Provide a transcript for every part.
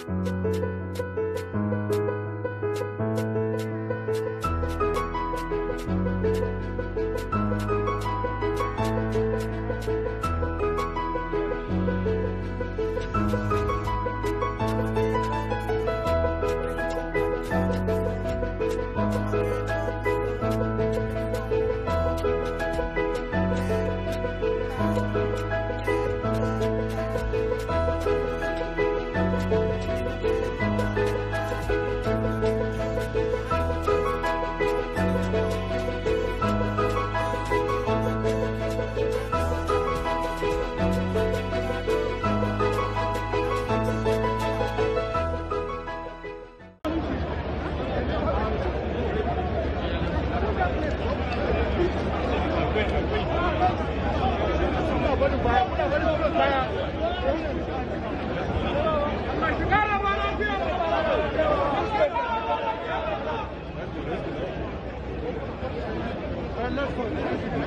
Thank you. Let's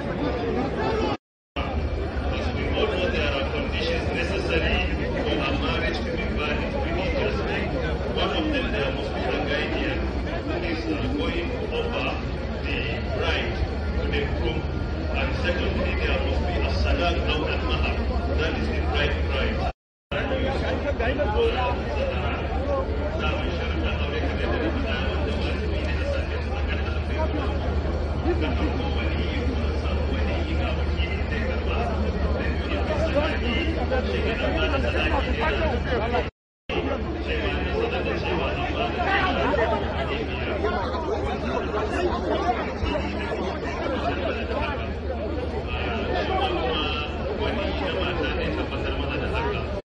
go. And secondly, there must be a salah now and mahar. That is the bride price. Thank you.